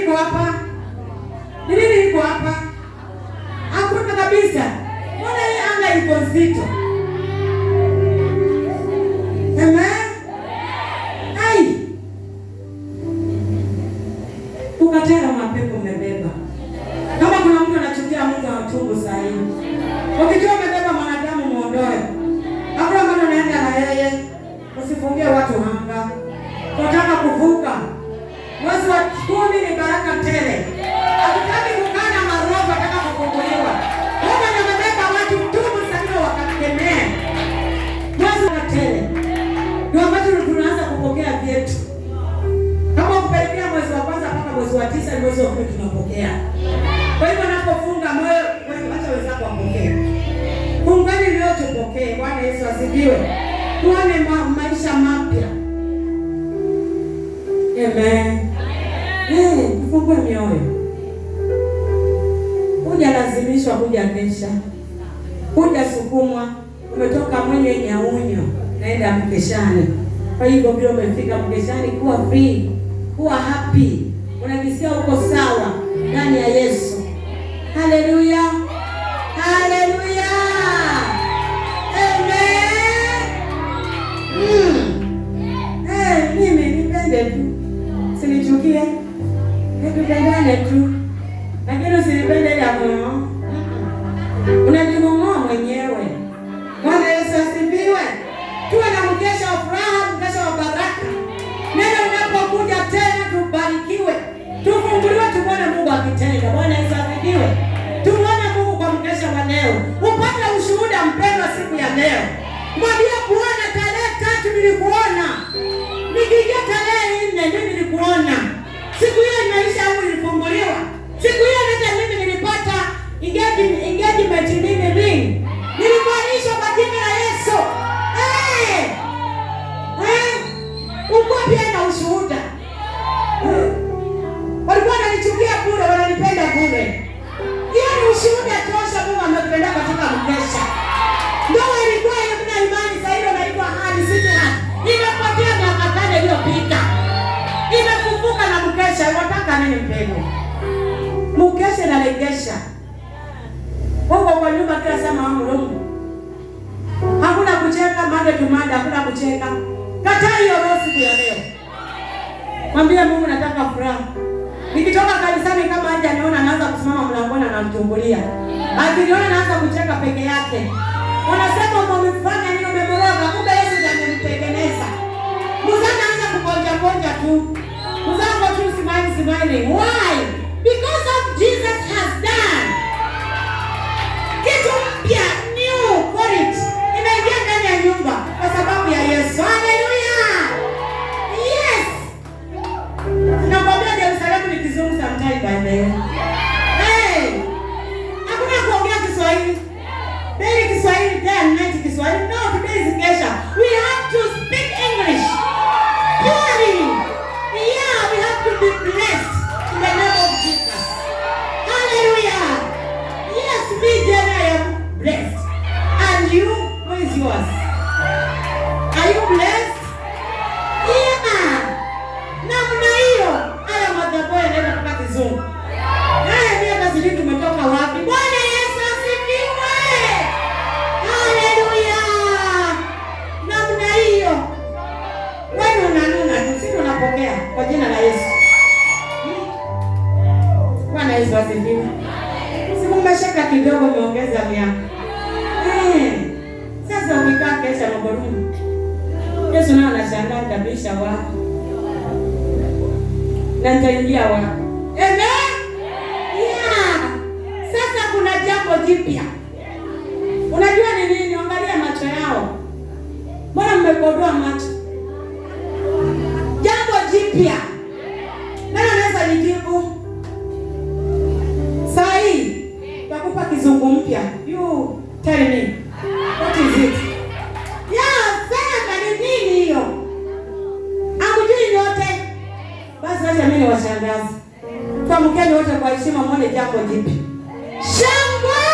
niko hapa? Ni nini iko hapa? Hakuna kabisa. Mbona hii anga iko nzito? Amen. Ai. Ukatera tunapokea. Kwa hivyo napofunga moyo, wacha wenzako wapokee. fungeni leo tupokee. Bwana Yesu asifiwe. Tuone ma maisha mapya. Amen. Eh, tufungue mioyo. Hujalazimishwa, hujanesha, hujasukumwa, umetoka mwenye nyaunyo, naenda mkeshani. Kwa hivyo vile umefika mkeshani, kuwa free, kuwa happy. Hallelujah. siku ya leo. Mwambie Mungu nataka furaha. Nikitoka kanisani kama haja niona anaanza kusimama mlangoni anamchungulia. Akiniona anaanza kucheka peke yake. Wanasema umemfanya nini umemroga? Kumbe Yesu ndiye alimtengeneza. Mzee anaanza kukonja konja tu. Mzee kwa tu smile smile. Why? Because of Jesus has done. Kitu by name. Hey! Hakuna kuongea Kiswahili. Daily Kiswahili, day Kiswahili. No, today is We have Yesu asifiwe. Siku mmeshika kidogo, umeongeza miaka. Eh, sasa ukikaa kesha maborumu, Yesu naye anashangaa kabisa, wako na nitaingia wako. Amen. Yeah. Sasa kuna jambo jipya. Unajua ni nini? Angalia macho yao. Mbona mmekodoa macho? washangazi. Tamkeni wote kwa heshima, mwone jambo jipi. Shangwe,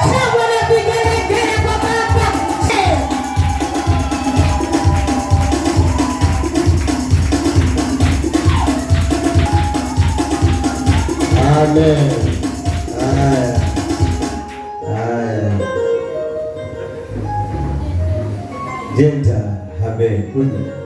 shangwe na vigelegele kwa Baba. Amen. jenta habe kuja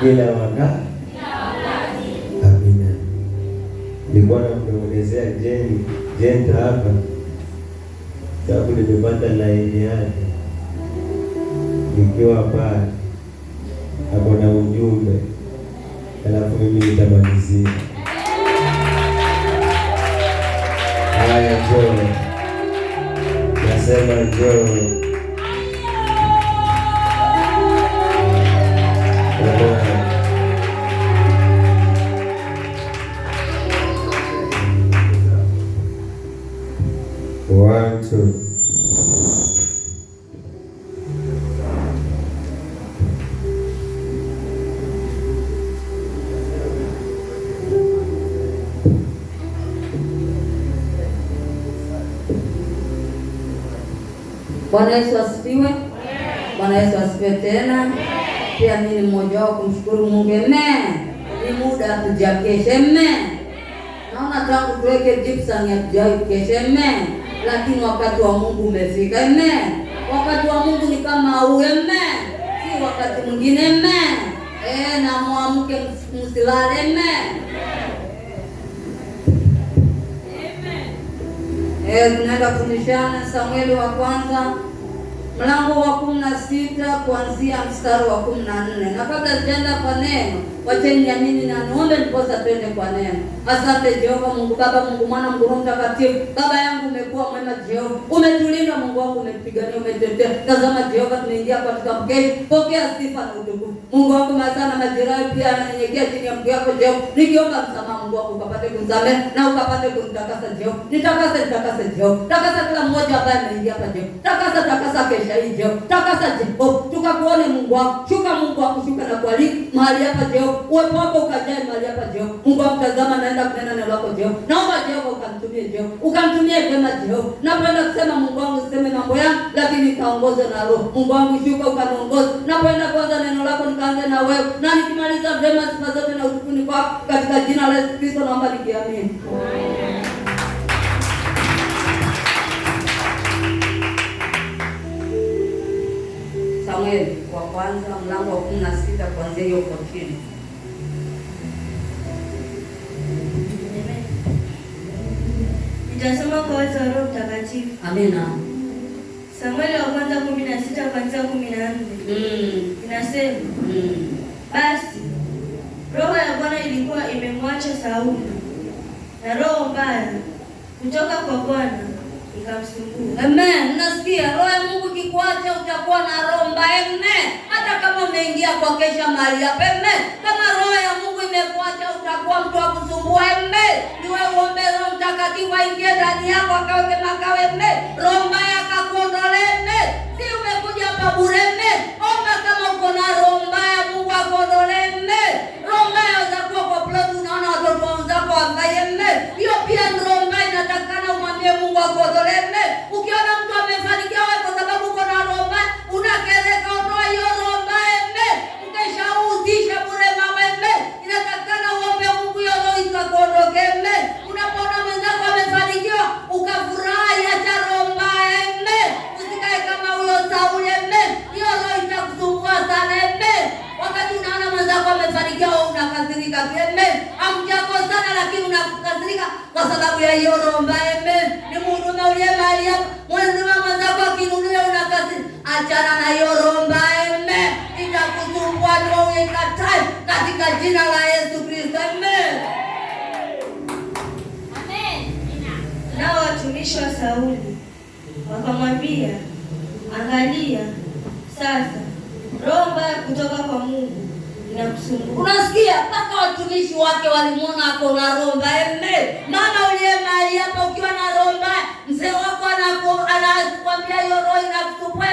kila wakati. Amina. Nilikuwa nakuelezea jeni jenta hapa sababu nimepata laini yake nikiwa pale, hapo na ujumbe, alafu mimi nitamalizia haya. Njoo nasema njoo Bwana Yesu asifiwe. Bwana Yesu asifiwe tena. Pia mimi ni mmoja wao kumshukuru Mungu. Amen. Ni muda hatujakesha. Amen. Naona tangu tuweke gypsum hatujawahi kesha. Amen. Lakini wakati wa Mungu umefika. Amen. Wakati wa Mungu ni kama huu. Amen. Si wakati mwingine. Amen. Eh, na muamke msilale. Amen. Amen. Eh, tunaenda kufundishana Samueli wa kwanza mlango wa kumi na sita kuanzia mstari wa kumi na nne na kabla sijaenda kwa neno wacheni wacheniamini na niombe ndiposa twende kwa neno. Asante Jehova Mungu Baba, Mungu Mwana, Mungu Roho Mtakatifu. Baba yangu umekuwa mwema Jehova, umetulinda Mungu wangu, umepigania, umetetea. Tazama Jehova, tunaingia katika mgeni, pokea sifa na utukufu. Mungu wangu mazana majirai pia ananyenyekea chini ya mguu wako Jehova, nikiomba msamaha Mungu wangu ukapate kumsamehe na ukapate kumtakasa Jehova, nitakasa nitakasa Jehova, takasa kila mmoja ambaye anaingia hapa Jehova, takasa takasa kesha hii Jehova, takasa Jehova, tukakuone Mungu wangu, shuka Mungu wangu, shuka na kualika mahali hapa Jehova uwepo wako ukajali mahali hapa Jehova. Mungu akutazama, naenda kunena neno lako Jehova. Naomba Jehova ukamtumie Jehova. Ukamtumie tena Jehova. Napenda kusema Mungu wangu useme mambo yangu lakini kaongoze na Roho. Mungu wangu shuka ukaniongoze. Napenda kwanza neno lako nikaanze na wewe. Na nikimaliza vyema sifa zote na utukufu ni kwako katika jina la Yesu Kristo naomba nikiamini. Amen. Samueli wa kwanza mlango wa 16 kuanzia hiyo 14. Nitasoma kwa uwezo wa Roho Mtakatifu. Amina. Samueli wa kwanza kumi na sita kuanzia kumi na nne mm. inasema mm. Basi roho ya Bwana ilikuwa imemwacha Sauli na roho mbaya kutoka kwa Bwana ikamsumbua. Amen. Nasikia roho ya Mungu kikuacha utakuwa na roho mbaya Amen. hata kama umeingia kwa kesha mahali ya pembe. Kama roho ya Mungu imekuacha utakuwa mtu wa kusumbua. Amen. Ni wewe uombe roho haki waingie ndani yako, akawe makao mbele, roho mbaya akakuondolee mbele, si umekuja hapa bure. kazi. Amen. Hamjakosana lakini unakasirika kwa sababu ya hiyo romba. Amen. Ni mhuduma uliye mahali hapa. Mhuduma mwenzako akinunulia unakasirika. Achana na hiyo romba. Amen. Itakusumbua roho ikatae katika jina la Yesu Kristo. Amen. Nao watumishi wa Sauli wakamwambia, angalia sasa roho mbaya kutoka kwa Mungu inamsumbua. Unasikia mpaka watumishi wake walimwona ako na roho mbaya. Mama uliye mahali hapa ukiwa na roho mbaya, mzee wako anakwambia hiyo roho inakusumbua.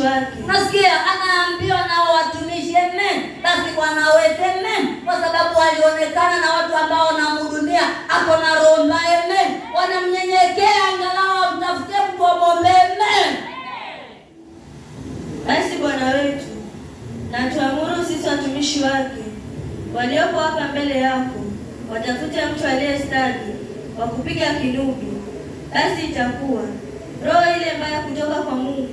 watumishi wake. Nasikia anaambiwa na watumishi amen, basi wanawete amen, kwa sababu alionekana na watu ambao wanamhudumia ako na roho mbaya amen, wanamnyenyekea angalau wamtafute mkombombee amen. Basi Bwana wetu natuamuru sisi watumishi wake waliopo hapa mbele yako watafute mtu aliyestadi wa kupiga kinubi, basi itakuwa roho ile mbaya kutoka kwa Mungu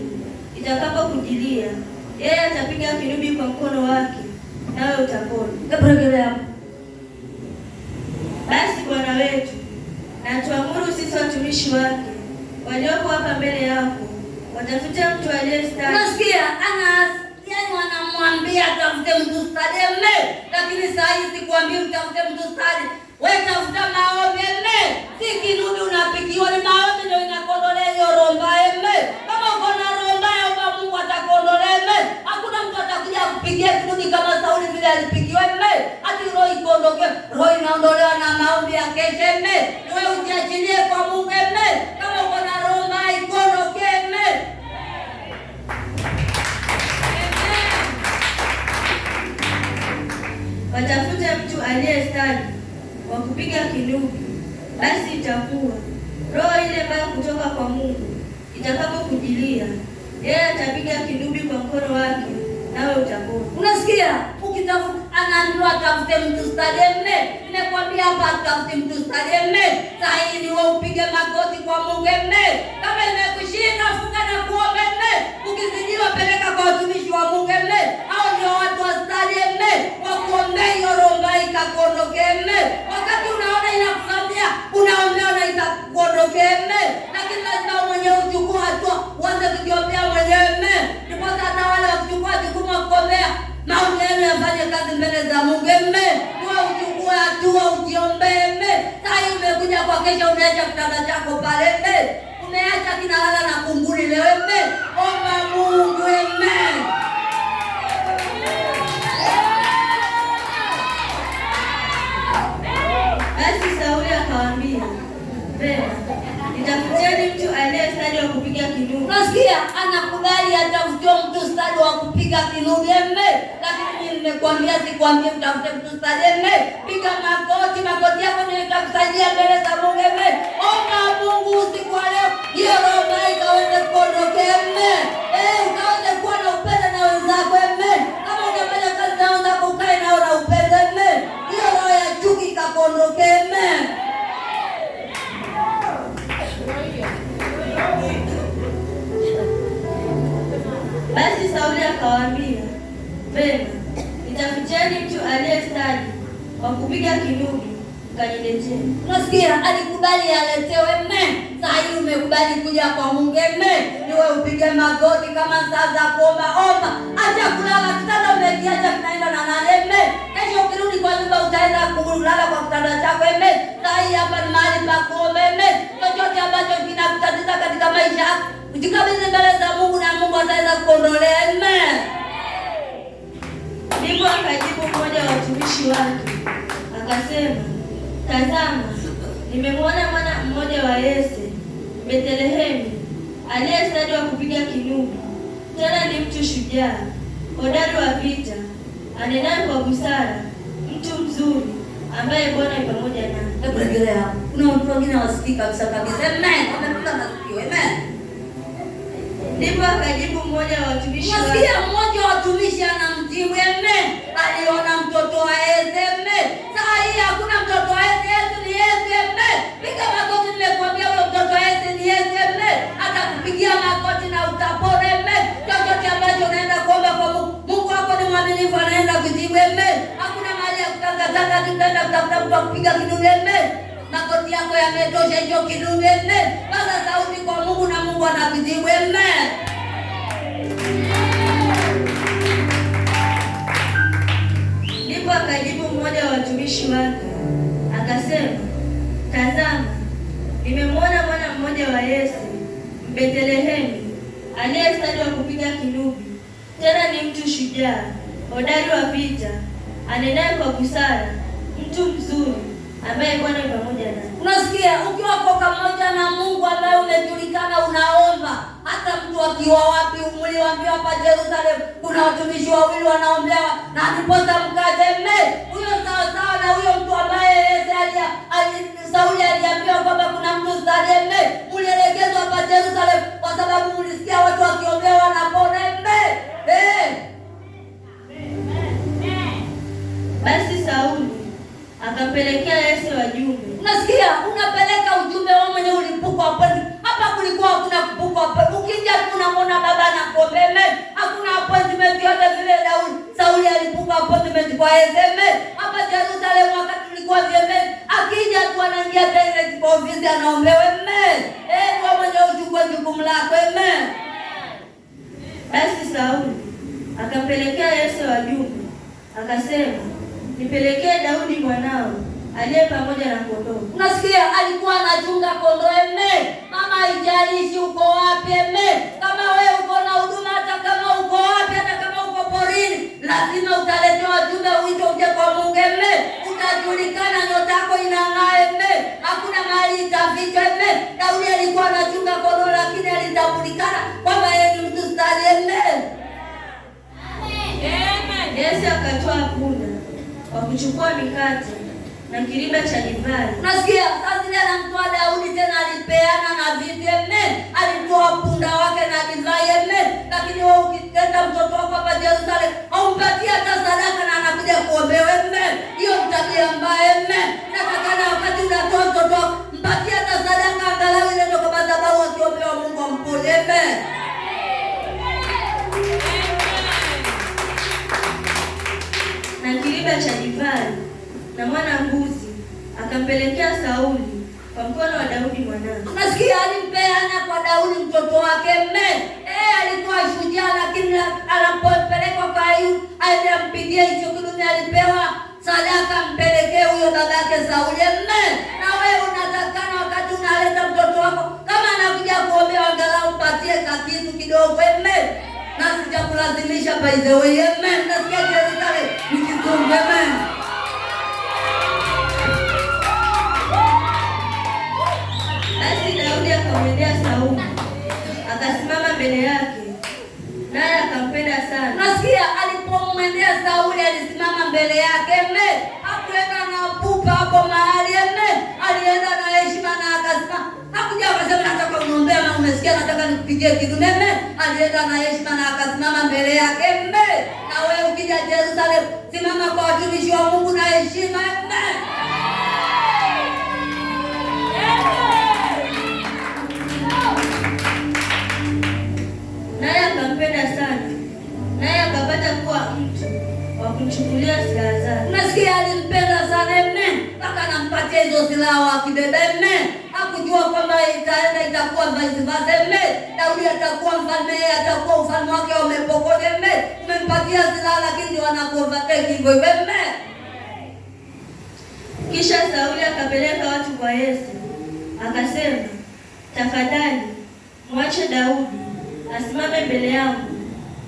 itakapokujilia, yeye atapiga kinubi kwa mkono wake, nawe utapona. Basi Bwana wetu, na tuamuru sisi watumishi wake walioko hapa mbele yako, watafute mtu aliyestahili. Nasikia ana yani, wanamwambia tafute mtu stadi mme, lakini saa hii sikwambii utafute mtu stadi, wewe tafuta maombi mme, si kinubi unapikiwa ni maombi ndio inakodolea hiyo romba mme pigia kuni kama Sauli vile alipigiwa mme, ati roho ikondoke, Roho inaondolewa na maombi ya kesha mme, wewe ujiachilie kwa Mungu mme, kama uko na roho maikuondoke mme. Watafuta mtu aliyestadi wa kupiga kinubi, basi itakuwa roho ile mbaya kutoka kwa Mungu itakapokujilia, yeye atapiga kinubi kwa mkono wake nawe utakuwa unasikia, ukitafuta anaambiwa atafute mtu stajemme. Nimekwambia hapa atafute mtu stajemme, sahihi wewe upige magoti kwa Mungu emme. Kama imekushinda funga na kuomba emme, ukizidiwa peleka kwa watumishi wa Mungu emme. Hao ndio watu wa stadi emme, wakuombea hiyo romba ikakuondoke emme. Wakati unaona inakusambia unaombea na itakuondoke emme lakini lazima mwenyewe uchukue hatua, uanze kujiopea mwenyewe mema, ndiposa hata wale wakichukua jukumu wa kugombea, maoni yenu yafanye kazi mbele za piga kinubi mme, lakini nimekuambia sikwambie utafute mtu saje mme, piga makoti makoti yako nitakusaidia mbele za Mungu mme, omba Mungu usiku wa leo hiyo roho mbaya ikaweze kuondokea mme. Mkajileteni. Unasikia? Alikubali aletewe. Amen. Saa hii umekubali kuja kwa Mungu. Amen. Niwe upige magoti kama saa za kuomba omba. Acha kulala kitanda umekiacha kinaenda na nani? Amen. Kesho ukirudi kwa nyumba utaenda kulala kwa kitanda chako. Amen. Saa hii hapa ni mahali pa kuomba. Amen. Bethlehemu, aliyestadi wa kupiga kinubi, tena ni mtu shujaa, hodari wa vita, anenaye kwa busara, mtu mzuri ambaye Bwana ni pamoja naye. Hebu endelea. Kuna mtu wengine hawasikii kabisa kabisa. Amen. Wanakula Amen. Ndipo akajibu mmoja wa watumishi wake. Mmoja wa watumishi anamjibu, amen. Aliona mtoto wa Eze. hiyo kidume. Amen. Paza sauti kwa Mungu na Mungu anakujibu. Amen. Ndipo akajibu mmoja wa watumishi wake akasema, tazama, nimemwona mwana mmoja wa Yesu Bethlehemu wa kupiga kinubi, tena ni mtu shujaa hodari wa vita, anenaye kwa busara, mtu mzuri ambaye Bwana pamoja na Unasikia, ukiwa kwa pamoja na Mungu ambaye umejulikana, unaomba. Hata mtu akiwa wapi, mliwaambia hapa Jerusalemu kuna watumishi wawili wanaombea, na ndiposa mkazeme huyo, sawasawa na huyo mtu ambaye Sauli aliambiwa kwamba kuna mtu Saleme, mlielekezwa hapa Jerusalemu kwa sababu mlisikia watu wakiombea wanaponeme. Basi Sauli akapelekea Yese wajumbe Nasikia unapeleka ujumbe wa mwenye ulipuko appointment. Hapa kulikuwa hakuna kupuko hapa. Ukija tunamwona baba na kuombe hakuna appointment yote vile Daudi. Sauli alipuka appointment kwa Ezeme. Hapa Jerusalem wakati tulikuwa vyeme. Akija tu anaingia direct kwa ofisi anaombewe amen. Eh, kwa mwenye uchukue jukumu lako amen. Basi Sauli akapelekea akampelekea wa jumbe. Akasema, nipelekee Daudi mwanao aliye pamoja na kwa alitafika mme Daudi alikuwa anachunga kondoo, lakini alitambulikana kwamba yeye ni mtu stadi mme. Yesu akatoa punda kwa kuchukua mikate na kiriba cha divai. Unasikia sasa, ile anamtoa Daudi tena, alipeana na vitu mme, alitoa punda wake na divai mme. Lakini wewe ukitenda mtoto wako hapa Jerusalem haumpatia hata sadaka na anakuja kuombewe mme, hiyo tabia mbaya mme. Natakana wakati unatoa mtoto wako Walawi inatoka madhabahu akiombewa Mungu ampone. Amen. Na kiriba cha divai na mwana mbuzi akampelekea Sauli kwa mkono wa Daudi mwanawe. Unasikia, alimpeana yaani kwa Daudi mtoto wake. Amen. Eh, alikuwa shujaa, lakini anapopelekwa kwa Ayubu aende ampigie hicho kidume, alipewa sadaka mpelekee huyo babake Sauli. Amen. Na wewe unatakana unaleta mtoto wako, kama anakuja kuombewa angalau patie kakitu kidogo. Amen, na sijakulazimisha by the way. Amen, nasikia Jerusalem nikizungumza. Amen. Basi Daudi akamwendea Sauli, akasimama mbele yake, naye akampenda sana. Nasikia alipomwendea Sauli, alisimama mbele yake. nasikia nataka nikupigie kitu meme. Alienda ah, na heshima na akasimama mbele yake mme. Na wewe ukija Jerusalemu, simama kwa watumishi wa Mungu na heshima mme. Naye akampenda sana, naye akapata kuwa mtu wa kumchukulia silaha zake. Nasikia alimpenda sana mme, mpaka anampatia hizo silaha wakibebe mme kujua kwamba itaenda itakuwa Belshaza, Daudi atakuwa mfalme, atakuwa ufalme wake wamepokote mme, umempatia silaha lakini wanakuovateki hivyo hivyo mme. Kisha Sauli akapeleka watu kwa Yesu akasema, tafadhali mwache Daudi asimame mbele yangu,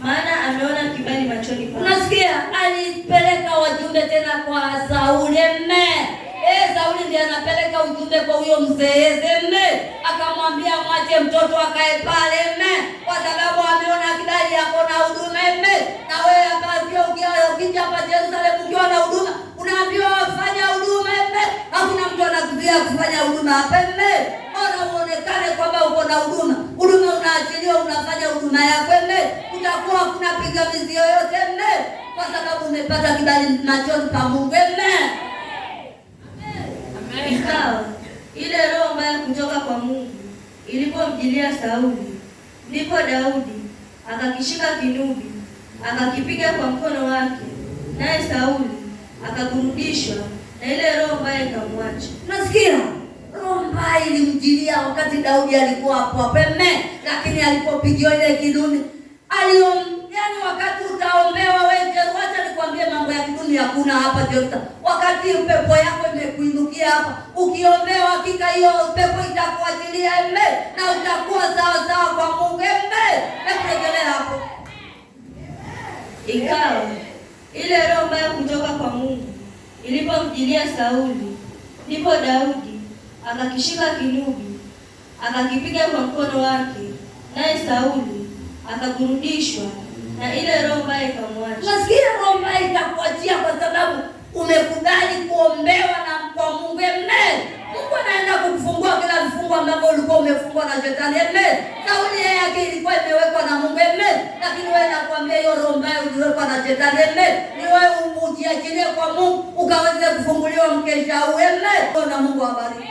maana ameona kibali machoni. Unasikia, alipeleka wajumbe tena kwa Sauli mme E, Sauli ndiye anapeleka ujumbe kwa huyo mzeeze mme, akamwambia mwache mtoto akae pale mme, kwa sababu ameona kidali yako na huduma mme. Na wewe hapa ukiwa ukija hapa Yerusalemu ukiwa na huduma unaambiwa wafanya huduma mme, hakuna mtu anakuzuia kufanya huduma hapa mme. Ona uonekane kwamba uko na huduma, huduma unaachiliwa, unafanya huduma yako mme, utakuwa kuna pingamizi yoyote mme, kwa sababu umepata kibali machoni pa Mungu mme. Ikawa ile roho mbaya kutoka kwa Mungu ilipomjilia Sauli, ndipo Daudi akakishika kinubi akakipiga kwa mkono wake, naye Sauli akaburudishwa na ile roho mbaya ikamwacha. Unasikia, roho mbaya ilimjilia wakati Daudi alikuwa hapo apeme, lakini alipopigiwa ile kiduni aliom, yani wakati utaombewa wewe, wacha nikwambie mambo ya kiduni hakuna hapa Jota, wakati pepo yako imekuingia kuingia hapa, ukiombea hakika hiyo pepo itakuachilia embe, na utakuwa sawa sawa kwa Mungu embe. rejelea hapo, ikawa ile roho mbaya kutoka kwa Mungu ilipomjilia Sauli, ndipo Daudi akakishika kinubi akakipiga kwa mkono wake, naye Sauli akaburudishwa na ile roho mbaya ikamwacha. Unasikia roho mbaya itakuachia kwa sababu umekubali kuombewa na kwa Mungu amen. Mungu anaenda kukufungua kila vifungo ambavyo ulikuwa umefungwa na shetani amen. Kauli yake ilikuwa imewekwa na Mungu amen, lakini wewe nakwambia hiyo roho mbaya uliwekwa na shetani amen, ni wewe ujiachilie kwa Mungu ukaweze kufunguliwa mkesha huu amen. Na Mungu awabariki.